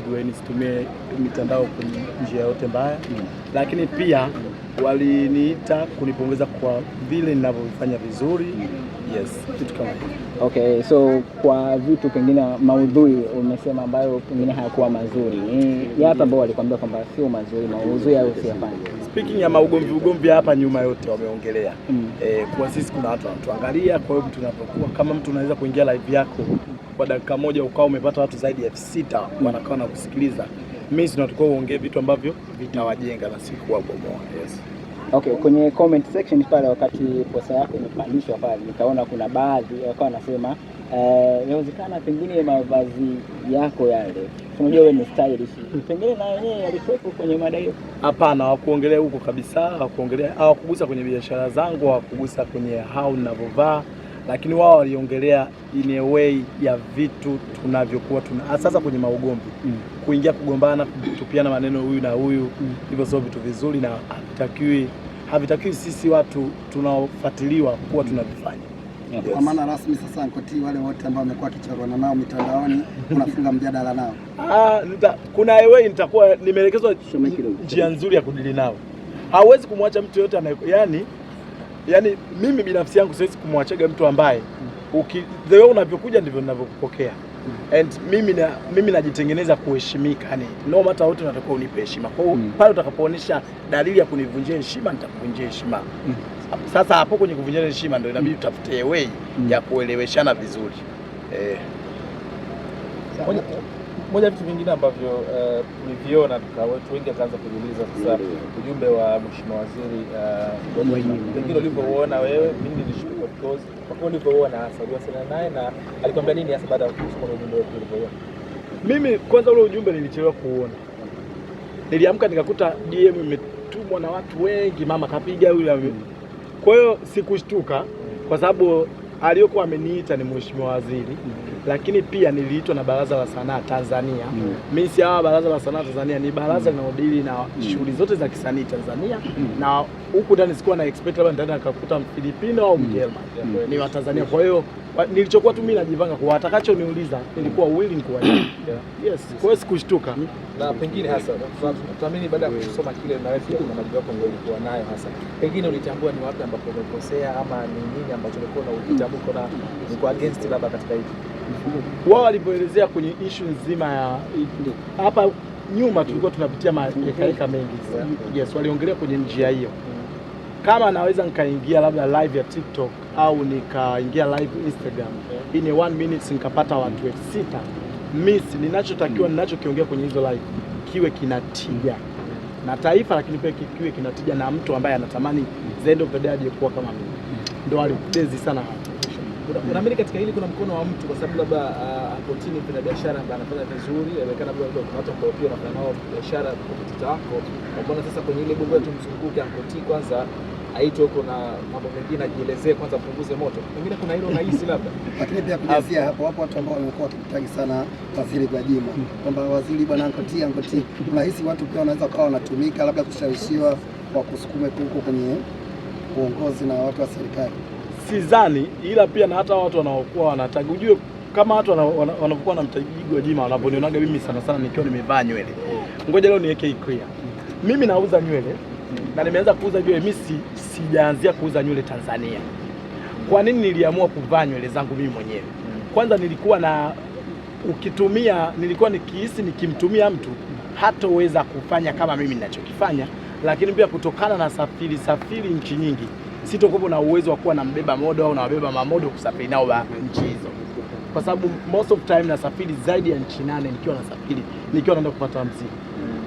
good nisitumie mitandao kwenye njia yote mbaya mm. Lakini pia waliniita kunipongeza kwa vile ninavyofanya vizuri mm. Yes, kitu kama okay. So kwa vitu pengine maudhui umesema ambayo pengine hayakuwa mazuri ni yapi ambao walikwambia kwamba sio mazuri maudhui au usiyafanye? Speaking ya maugomvi ugomvi hapa nyuma yote wameongelea mm. Eh, kwa sisi kuna watu wanatuangalia, kwa hiyo tunapokuwa kama mtu unaweza kuingia live yako kwa dakika moja ukawa umepata watu zaidi ya elfu sita wanakaa na kusikiliza mimi, tunatakiwa uongee vitu ambavyo vitawajenga na si kuwabomoa. Yes. Okay, kwenye comment section pale wakati posa yako imepandishwa pale nikaona kuna baadhi wakawa wanasema inawezekana eh, uh, pengine mavazi yako yale, unajua wewe ni stylish, pengine na wenyewe yalikuwepo kwenye mada hiyo. Hapana, hawakuongelea huko kabisa, hawakuongelea, hawakugusa kwenye biashara zangu, hawakugusa kwenye hao ninavyovaa lakini wao waliongelea in a way ya vitu tunavyokuwa tuna sasa kwenye maugomvi mm. kuingia kugombana, kutupiana maneno huyu na huyu mm. hivyo sio vitu vizuri na havitakiwi, havitakiwi sisi watu tunaofuatiliwa kuwa mm. tunavifanya Yes. Kwa maana rasmi sasa nkotii wale wote ambao wamekuwa wakichorwana nao mitandaoni unafunga mjadala nao? Ah, nita, kuna way nitakuwa nimeelekezwa njia nzuri ya kudili nao. Hawezi kumwacha mtu yoyote yani yani mimi binafsi yangu siwezi kumwachaga mtu ambaye the way unavyokuja ndivyo ninavyokupokea. Mm. And mimi na mimi najitengeneza kuheshimika, yani no matter wote unatakiwa unipe heshima. Kwa hiyo mm. pale utakapoonyesha dalili ya kunivunjia heshima nitakuvunjia heshima. Mm. Sasa hapo kwenye kuvunjia heshima ndio inabidi tutafute way ya kueleweshana vizuri eh moja vitu vingine ambavyo eh, tuliviona uh, watu wengi akaanza kujiuliza sasa, ujumbe wa mheshimiwa waziri eh, pengine uh, ulivyouona wewe, mimi nilishuhudia of course, kwa kweli ulivyouona hasa, uliwasiliana naye na alikwambia nini hasa baada ya kusoma ujumbe wetu ulivyouona? Mimi kwanza ule ujumbe nilichelewa kuuona, niliamka nikakuta DM imetumwa na watu wengi, mama kapiga yule. Kwa hiyo sikushtuka kwa sababu aliyokuwa ameniita ni mheshimiwa waziri mm lakini pia niliitwa na Baraza la Sanaa Tanzania. Mm. Mimi si hawa Baraza la Sanaa Tanzania ni baraza linalodili mm. na, na mm. shughuli zote za kisanii Tanzania mm. na huku ndani sikuwa na expect labda ndani akakuta Filipino au mm. Mjerumani mm. ni wa Tanzania. Kwa hiyo nilichokuwa tu mimi najipanga kwa watakachoniuliza mm. nilikuwa willing kwa yeah. Yes, kwa hiyo sikushtuka na pengine hasa tunaamini baada ya kusoma kile na wewe na majibu yako ndio ulikuwa nayo hasa, pengine ulitambua ni wapi ambapo umekosea ama ni nini ambacho ulikuwa na utambuko ni kwa against labda katika hivi wao walivyoelezea kwenye ishu nzima ya hapa nyuma, tulikuwa tunapitia maekaeka mhm. mengi. Mhm. Yes, waliongelea kwenye njia hiyo, kama naweza nikaingia labda live ya TikTok au nikaingia live Instagram mhm. in a one minute nikapata watu elfu sita miss, ninachotakiwa ninachokiongea kwenye hizo live kiwe kinatija na taifa, lakini pia kiwe kinatija na mtu ambaye anatamani zaidi of kuwa kama mimi, ndio alipendezi sana hapa Unaamini katika hili kuna mkono wa mtu, kwa sababu labda ah, chini kuna biashara ambayo anafanya vizuri, inawezekana labda kuna watu ambao pia wanafanya nao biashara kompetita wako, Kwa mbona sasa kwenye ile bunge tu mzunguke Ankoatini kwanza aitwe huko na mambo mengine ajielezee kwanza, punguze moto, pengine kuna hilo rahisi labda. Lakini pia kujazia hapo hapo, watu ambao wamekuwa wakimtagi sana waziri Gwajima kwamba waziri bwana Ankoatini, Ankoatini, unahisi watu pia wanaweza kuwa wanatumika labda kushawishiwa kwa kusukume huko kwenye uongozi na watu wa serikali? sidhani, ila pia na hata watu wanaokuwa wanataka ujue kama watu wanapokuwa wa jima wanaponionaga mimi sana sana nikiwa nimevaa nywele, ngoja leo niweke clear, mimi nauza nywele na nimeanza kuuza nywele. Mimi sijaanzia kuuza nywele Tanzania. Kwa nini niliamua kuvaa nywele zangu mimi mwenyewe? Kwanza nilikuwa na ukitumia, nilikuwa nikihisi nikimtumia mtu hataweza kufanya kama mimi ninachokifanya, lakini pia kutokana na safiri safiri nchi nyingi sitokuwa na uwezo wa kuwa nambeba modo au nawabeba mamodo kusafiri nao nchi hizo, kwa sababu most of time nasafiri zaidi ya nchi nane nikiwa nasafiri, nikiwa naenda kupata hamsini.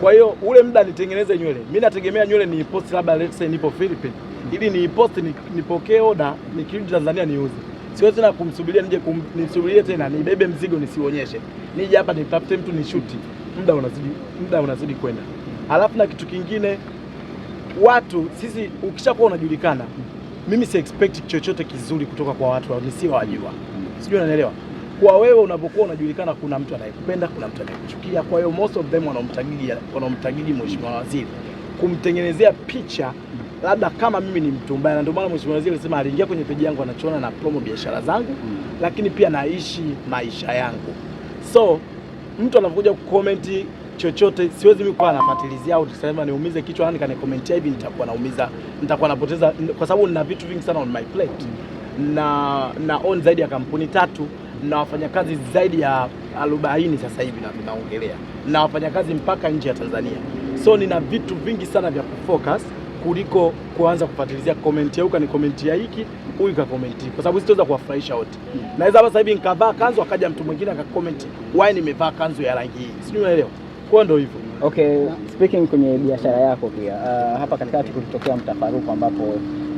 Kwa hiyo ule muda nitengeneze nywele, mi nategemea nywele ni post, labda let's say nipo Philippines, ili ni post nipokee oda, nikirudi Tanzania niuze. Siwezi tena kumsubiria nije kum, nisubirie tena nibebe mzigo nisionyeshe, nije hapa nitafute mtu nishuti. Muda unazidi, muda unazidi kwenda. Alafu na kitu kingine watu sisi, ukishakuwa unajulikana, mimi si expect chochote kizuri kutoka kwa watu nisiowajua, sijui unanielewa. Kwa wewe unapokuwa unajulikana, kuna mtu anayekupenda, kuna mtu anayekuchukia. Kwa hiyo most of them wanamtagili, wanamtagili mheshimiwa waziri kumtengenezea picha labda kama mimi ni mtu mbaya, na ndio maana mheshimiwa waziri alisema aliingia kwenye peji yangu anachoona na promo biashara zangu mm, lakini pia naishi maisha yangu. So mtu anapokuja kukomenti chochote siwezi mimi kwa nafatilizia au tuseme niumize kichwa nani kanikomentia hivi, nitakuwa naumiza, nitakuwa napoteza, kwa sababu nina vitu vingi sana on my plate na na own zaidi ya kampuni tatu na wafanyakazi zaidi ya arobaini sasa hivi tunaongelea, na wafanyakazi mpaka nje ya Tanzania, so nina vitu vingi sana vya kufocus kuliko kuanza kufuatilizia ni comment ya hiki, huyu ka comment, kwa sababu sitaweza kuwafurahisha wote. Naweza hapa sasa hivi nikavaa kanzu akaja mtu mwingine akakomenti why nimevaa kanzu ya rangi hii, sijui unaelewa kwa ndo hivyo. Okay, speaking kwenye biashara yako pia uh, hapa katikati kulitokea mtafaruku ambapo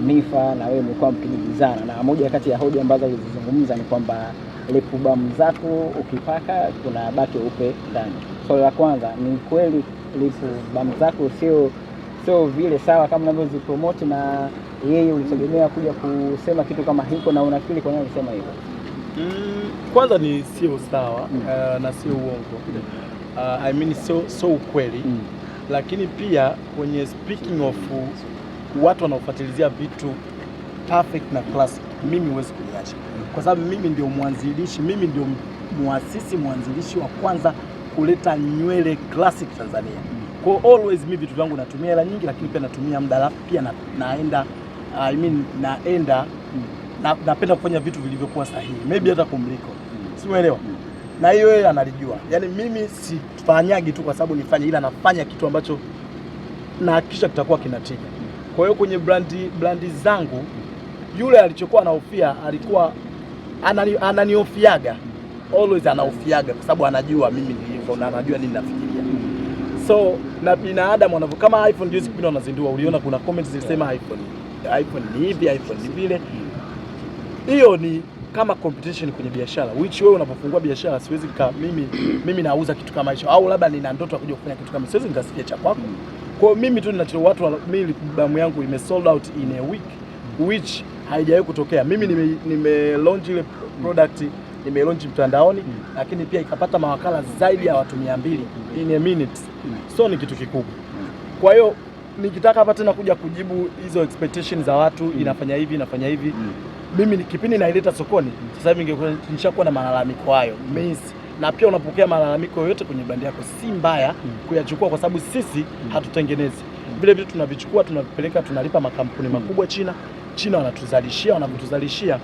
Nifa na wewe mlikuwa mkijibizana, na moja kati ya hoja ambazo ulizizungumza ni kwamba lepubamu zako ukipaka kuna baki upe ndani. Swali so, la kwanza ni kweli lepubamu zako sio sio vile sawa kama unavyozipromoti, na yeye ulitegemea kuja kusema kitu kama hiko, na unafikiri kwa nini alisema hivyo? Mm, kwanza ni sio sawa mm. Uh, na sio uongo mm uh, I mean so, so ukweli mm. Lakini pia kwenye speaking of uh, watu wanaofuatilizia vitu perfect na classic, mimi huwezi kuniacha mm. kwa sababu mimi ndio mwanzilishi, mimi ndio muasisi mwanzilishi wa kwanza kuleta nywele classic Tanzania. Mm. Kwa always mimi vitu vyangu natumia hela nyingi, lakini pia natumia muda, alafu pia na, naenda I mean naenda mm. na, napenda kufanya vitu vilivyokuwa sahihi maybe hata kumliko, si umeelewa? na hiyo yeye analijua. Yaani mimi sifanyagi tu kwa sababu nifanye, ila nafanya kitu ambacho nahakikisha kitakuwa kinatija. Kwa hiyo kwenye brandi, brandi zangu yule alichokuwa anahofia alikuwa anani, ananiofiaga always anahofiaga kwa sababu anajua mimi nilivyo na anajua nini nafikiria. So na binadamu wanavyo kama iPhone juzi kipindi wanazindua, uliona kuna comments zilisema iPhone iPhone ni hivi, iPhone ni vile. Hiyo ni kama competition kwenye biashara, which wewe unapofungua biashara siwezi ka, mimi, mimi nauza kitu kama hicho, au labda nina ndoto ya kuja kufanya kitu kama, siwezi nikasikia cha kwako. Kwa hiyo mimi tu ninacho watu, mimi albamu yangu ime sold out in a week which haijawahi kutokea. Mimi nime, nime launch ile product nime launch mtandaoni mm. lakini pia ikapata mawakala zaidi ya watu 200 mm. in a minute mm. so ni kitu kikubwa kwa hiyo nikitaka hapa tena kuja kujibu hizo expectation za watu mm. inafanya hivi inafanya hivi mm mimi kipindi naileta sokoni, sasa hivi ningekuwa nishakuwa na malalamiko hayo mesi na pia unapokea malalamiko yoyote kwenye bandi yako, si mbaya kuyachukua kwa sababu sisi hatutengenezi vile vitu, tunavichukua tunavipeleka, tunalipa makampuni makubwa China. China wanatuzalishia, wanatuzalishia,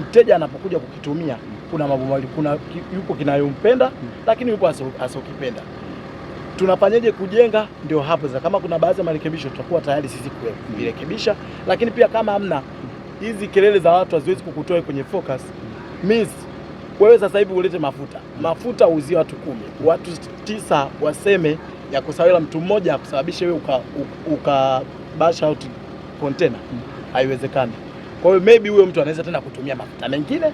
mteja anapokuja kukitumia, kuna mambo mawili, kuna yupo kinayompenda, lakini yupo asokipenda Tunafanyaje kujenga? Ndio hapo sasa, kama kuna baadhi ya marekebisho tutakuwa tayari sisi kurekebisha lakini pia kama hamna hizi kelele za watu haziwezi kukutoa kwenye focus. Miss, wewe sasa hivi ulete mafuta, mafuta uuzie watu kumi, watu tisa waseme ya kusawila mtu mmoja akusababisha wewe uka, uka bash out container, haiwezekani. Kwa hiyo maybe huyo mtu anaweza tena kutumia mafuta mengine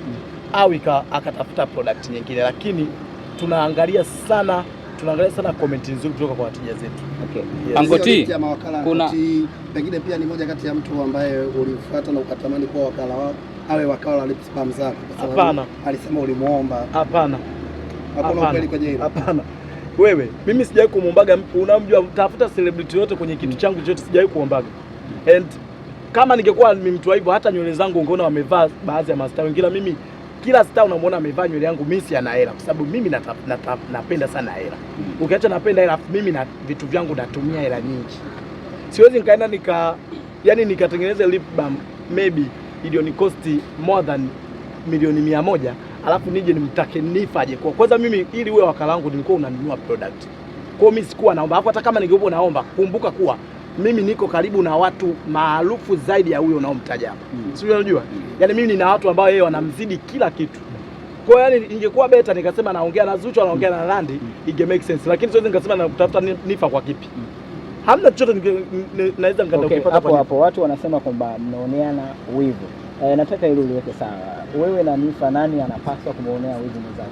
au akatafuta product nyingine, lakini tunaangalia sana tunaangalia sana comment nzuri kutoka kwa wateja zetu. Okay. Yes. Angoti kuna pengine pia ni moja kati ya mtu ambaye ulifuata na ukatamani kuwa wakala wao awe wakala lip spam zako. Hapana. Alisema ulimuomba. Hapana. Hakuna ukweli kwenye hilo. Hapana. Wewe, mimi sijawahi kumwombaga, unamjua, tafuta celebrity yote kwenye kitu changu chote, sijawahi kuombaga. And kama ningekuwa mtu hivyo, hata nywele zangu ungeona wamevaa baadhi ya mastaa wengine, mimi kila star unamwona amevaa nywele yangu, mimi si ana hela, kwa sababu mimi nata, nata, napenda sana hela. Mm. Ukiacha napenda hela, mimi na vitu vyangu natumia hela nyingi. Siwezi nikaenda nika yani nikatengeneza lip balm maybe ilioni cost more than milioni mia moja alafu nije nimtake nifaje kwa kwanza. Mimi ili uwe wakala wangu nilikuwa unanunua product, kwa hiyo mimi sikuwa naomba hapo. Hata kama ningeupo naomba, kumbuka kuwa mimi niko karibu na watu maarufu zaidi ya huyo unaomtaja hapa mm. sio unajua mm. yaani mimi nina watu ambao yeye wanamzidi kila kitu kwa hiyo yani ingekuwa beta nikasema naongea na Zuchu anaongea na Randi mm. mm. inge make sense lakini siwezi nikasema na kutafuta nifa kwa kipi mm. hamna chochote naweza nikataka okay, ukipata hapo hapo watu wanasema kwamba mnaoneana wivu eh, nataka hilo uliweke sawa wewe na Nifa nani anapaswa kumuonea wivu mwenzake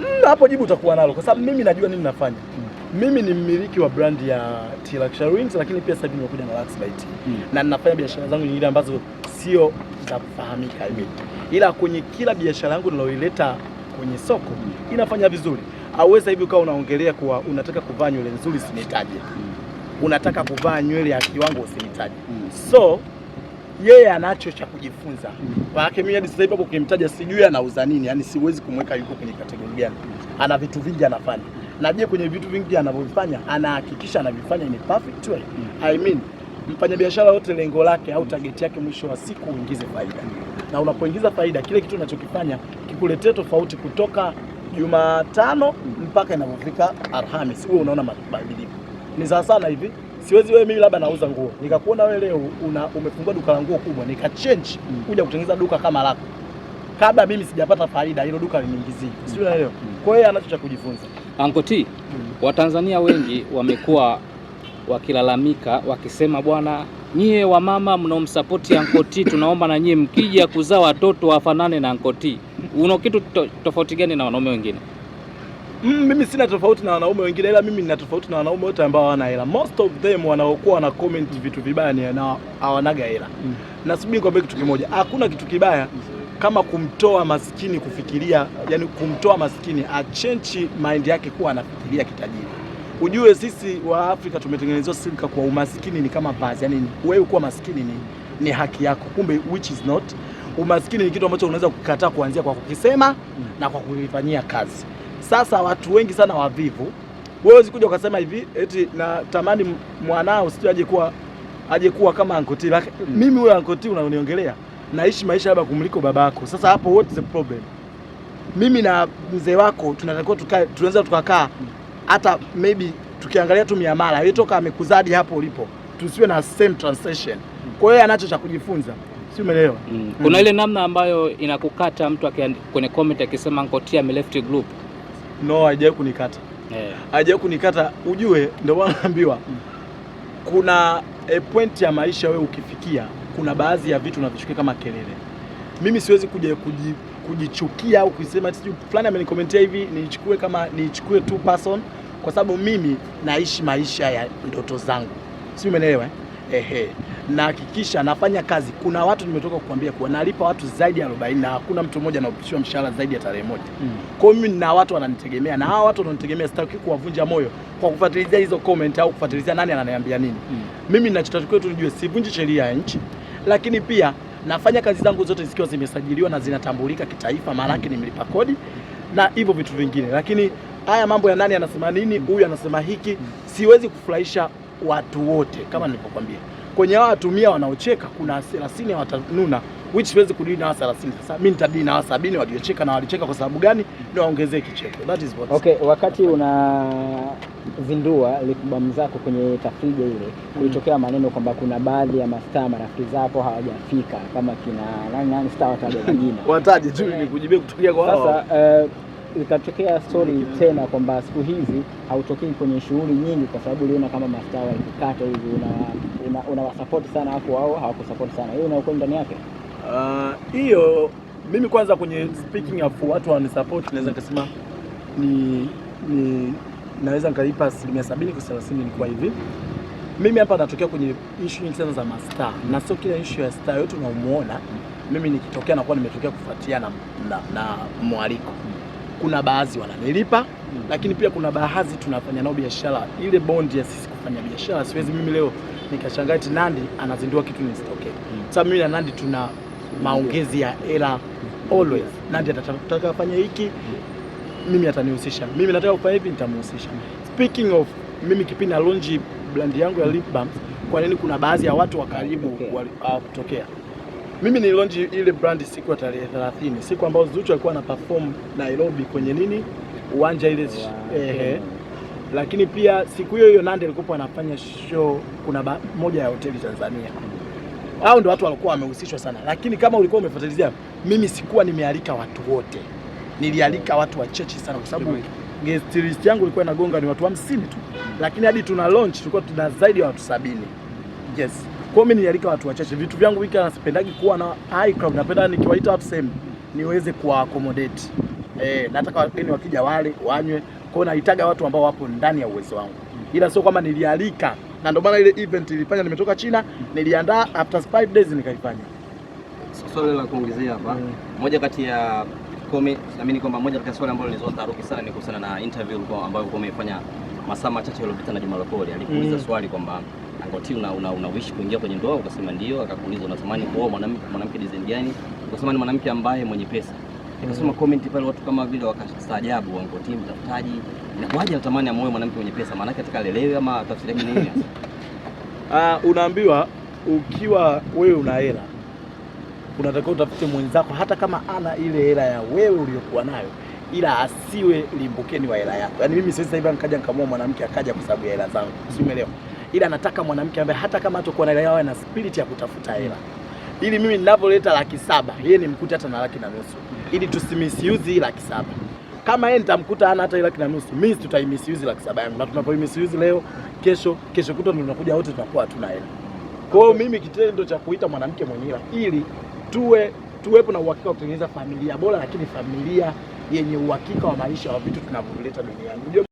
mm, hapo mm, jibu utakuwa nalo kwa sababu mimi najua nini nafanya mm. Mimi ni mmiliki wa brand ya T Luxury Wings, lakini pia sasa nimekuja na Lux by T mm. na ninafanya biashara zangu nyingine ambazo sio za kufahamika mm. ila kwenye kila biashara yangu niloileta kwenye soko mm. inafanya vizuri. Auweza hivi ukawa unaongelea kuwa unataka kuvaa nywele nzuri usinitaje, mm. unataka kuvaa nywele ya kiwango usinitaje, mm. so yeye anacho cha kujifunza hmm. maanake, mimi hadi sasa hivi hapo ukimtaja sijui anauza nini, yani siwezi kumweka yuko kwenye kategoria gani, hmm. ana vitu vingi anafanya. Hmm na je, kwenye vitu vingi anavyofanya anahakikisha anavifanya ni perfect way. Mm. I mean mfanyabiashara yote lengo lake au target yake mwisho wa siku uingize faida, na unapoingiza faida kile kitu unachokifanya kikuletee tofauti kutoka Jumatano mpaka inapofika Alhamis, wewe unaona mabadiliko ni sawa sana hivi. Siwezi wewe mimi labda nauza nguo nikakuona wewe leo una, umefungua duka la nguo kubwa nikachange mm. kuja kutengeneza duka kama lako, kabla mimi sijapata faida hilo duka liniingizie, sio? Hmm. Unaelewa? Hmm. Kwa hiyo anacho cha kujifunza Anko T, Watanzania wengi wamekuwa wakilalamika wakisema, bwana, nyie wa mnaomsapoti Anko T, tunaomba na nyie mkija kuzaa watoto wafanane na Anko Una kitu to, tofauti gani na wanaume wengine? Mm, mimi sina tofauti na wanaume wengine, ila mimi nina tofauti na wanaume wote ambao hawana hela. Most of them wanaokuwa wana comment vitu vibaya na hawanaga hela. Mm. Nasubiri kwambie kitu kimoja, hakuna kitu kibaya mm kama kumtoa maskini kufikiria, yani kumtoa maskini achenchi mind yake kuwa anafikiria kitajiri. Ujue sisi wa Afrika tumetengenezwa silika kwa umaskini ni kama basi, yani wewe kuwa maskini ni, ni haki yako, kumbe which is not. Umaskini ni kitu ambacho unaweza kukataa kuanzia kwa kukisema na kwa kuifanyia kazi. Sasa watu wengi sana wavivu, wewe usikuja ukasema hivi eti natamani mwanao sijui aje kuwa aje kuwa kama Ankoti. Mimi huyo Ankoti unaniongelea naishi maisha labda kumliko babako. Sasa hapo what is the problem? Mimi na mzee wako tunatakiwa tukae, tunaweza tukakaa hata maybe tukiangalia tu miamala yeye toka amekuzadi hapo ulipo, tusiwe na same transaction. Kwa hiyo anacho cha kujifunza, si umeelewa? Mm. mm. kuna ile namna ambayo inakukata mtu kwenye comment akisema Ngotia ame left group. No, haijawahi kunikata yeah. Eh. kunikata, ujue ndio mm. kuna a point ya maisha wewe ukifikia kuna baadhi ya vitu unavichukia kama kelele. Mimi siwezi kuja kuji, kujichukia au kusema sijui fulani amenikomentia hivi niichukue kama niichukue tu person, kwa sababu mimi naishi maisha ya ndoto zangu, si umeelewa eh? Ehe, nahakikisha nafanya kazi. Kuna watu nimetoka kukwambia kuwa nalipa watu zaidi ya 40 na hakuna mtu mmoja anaopishwa mshahara zaidi ya tarehe moja. Mm. Kwa hiyo mimi na watu wananitegemea, na hawa watu wanaonitegemea, sitaki kuwavunja moyo kwa kufuatilia hizo comment au kufuatilia nani ananiambia nini. Mm. Mimi ninachotakiwa tu nijue, sivunji sheria ya nchi lakini pia nafanya kazi zangu zote zikiwa zimesajiliwa na zinatambulika kitaifa, maana yake ni mlipa kodi na hivyo vitu vingine. Lakini haya mambo ya nani anasema nini, huyu anasema hiki, siwezi kufurahisha watu wote kama nilivyokwambia kwenye watu mia wanaocheka kuna 30 watanuna, which siwezi kudili na 30. Sasa mimi nitadili na 70 waliocheka, na walicheka kwa sababu gani? Ndio waongezee kicheko. That is what. Okay, wakati unazindua likubamu zako kwenye tafrija ile mm-hmm. kulitokea maneno kwamba kuna baadhi ya mastaa marafiki zako hawajafika, kama kina nani nani, star wataje majina, wataje tu ni kujibia kutokea kwa hao sasa eh, ikatokea stori tena kwamba siku hizi hautokei kwenye shughuli nyingi, kwa sababu uliona kama mastaa walikukata hivi, unawasapoti una, sana wako wao hawakusapoti sana, hiyo unakuwa ndani yake uh, hiyo. Uh, mimi kwanza kwenye speaking of watu wanisapoti, naweza nikasema ni, ni naweza nikaipa asilimia sabini kwa thelathini. Ni kwa hivi mimi hapa natokea kwenye issue nyingi sana za mastaa, na sio kila issue ya star yote unaomuona mimi nikitokea nakuwa nimetokea kufuatia na, na, na mwaliko kuna baadhi wananilipa mm. Lakini pia kuna baadhi tunafanya nao biashara, ile bondi ya sisi kufanya biashara. Siwezi mimi leo nikashangaa eti Nandy anazindua kitu nisitokee. mm. sababu mimi na Nandy tuna maongezi ya hela always. Nandy atataka afanye hiki Mimi atanihusisha, mimi nataka kufanya hivi, nitamhusisha. Speaking of mimi kipindi na launch brand yangu ya lip balm, kwa nini kuna baadhi ya watu wa karibu okay. walitokea mimi nililonji ile brand siku ya tarehe 30, siku ambayo Zuchu alikuwa na perform Nairobi kwenye nini uwanja ile, wow. Ehe, lakini pia siku hiyo hiyo Nandi alikuwa anafanya show kuna ba, moja ya hoteli Tanzania. Hao ndio watu walikuwa wamehusishwa sana, lakini kama ulikuwa umefuatilia, mimi sikuwa nimealika watu wote, nilialika watu wachache sana, kwa sababu guest list yangu ilikuwa inagonga ni watu hamsini tu, lakini hadi tuna launch tulikuwa tuna zaidi ya watu sabini. Yes. Kwa mimi nilialika watu wachache. Vitu vyangu wiki sipendagi kuwa na high crowd. Napenda nikiwaita watu same niweze kuwa accommodate. Eh, nataka wageni wakija wale wanywe. Kwa hiyo nahitaga watu ambao wapo ndani ya uwezo wangu. Ila sio kwamba nilialika na ndio maana ile event ilifanya nimetoka China, niliandaa after 5 days nikaifanya. Swali la kuongezea hapa. Mm. Moja kati ya Komi, naamini kwamba moja kati ya swali ambalo lilizua taharuki sana ni kuhusiana na interview ambayo ulikuwa umefanya masaa machache yaliyopita na Juma Lokole. Alikuuliza mm. swali kwamba wakati una, una, una wish kuingia kwenye ndoa ukasema ndio, akakuuliza unatamani kuoa mwanamke mwanamke design gani? Ukasema ni mwanamke ambaye mwenye pesa. Nikasoma mm. comment pale watu kama vile wakastaajabu, Anko T mtafutaji, inakuwaje anatamani amoe mwanamke mwenye pesa? Maana yake lelewe ama tafsiri yake nini? Ah, uh, unaambiwa ukiwa wewe una hela unatakiwa utafute mwenzako hata kama ana ile hela ya wewe uliyokuwa nayo ila asiwe limbukeni wa hela yako. Yaani mimi sasa hivi nikaja nikamua mwanamke akaja kwa sababu ya hela zangu. Si umeelewa? ila anataka mwanamke ambaye hata kama atakuwa na naelewa na spirit ya kutafuta hela ili mimi ninavyoleta laki saba yeye ni nimkute hata na laki na nusu ili tusimisiuzi hii laki saba kama yeye nitamkuta ana hata laki na nusu mimi tutaimisuse laki saba yangu, na tunapoimisuse leo, kesho kesho kutwa tunakuja wote tunakuwa hatuna hela. Kwa hiyo mimi kitendo cha kuita mwanamke mwenye hela ili tuwe tuwepo na uhakika wa kutengeneza familia bora, lakini familia yenye uhakika wa maisha wa vitu tunavyoleta duniani.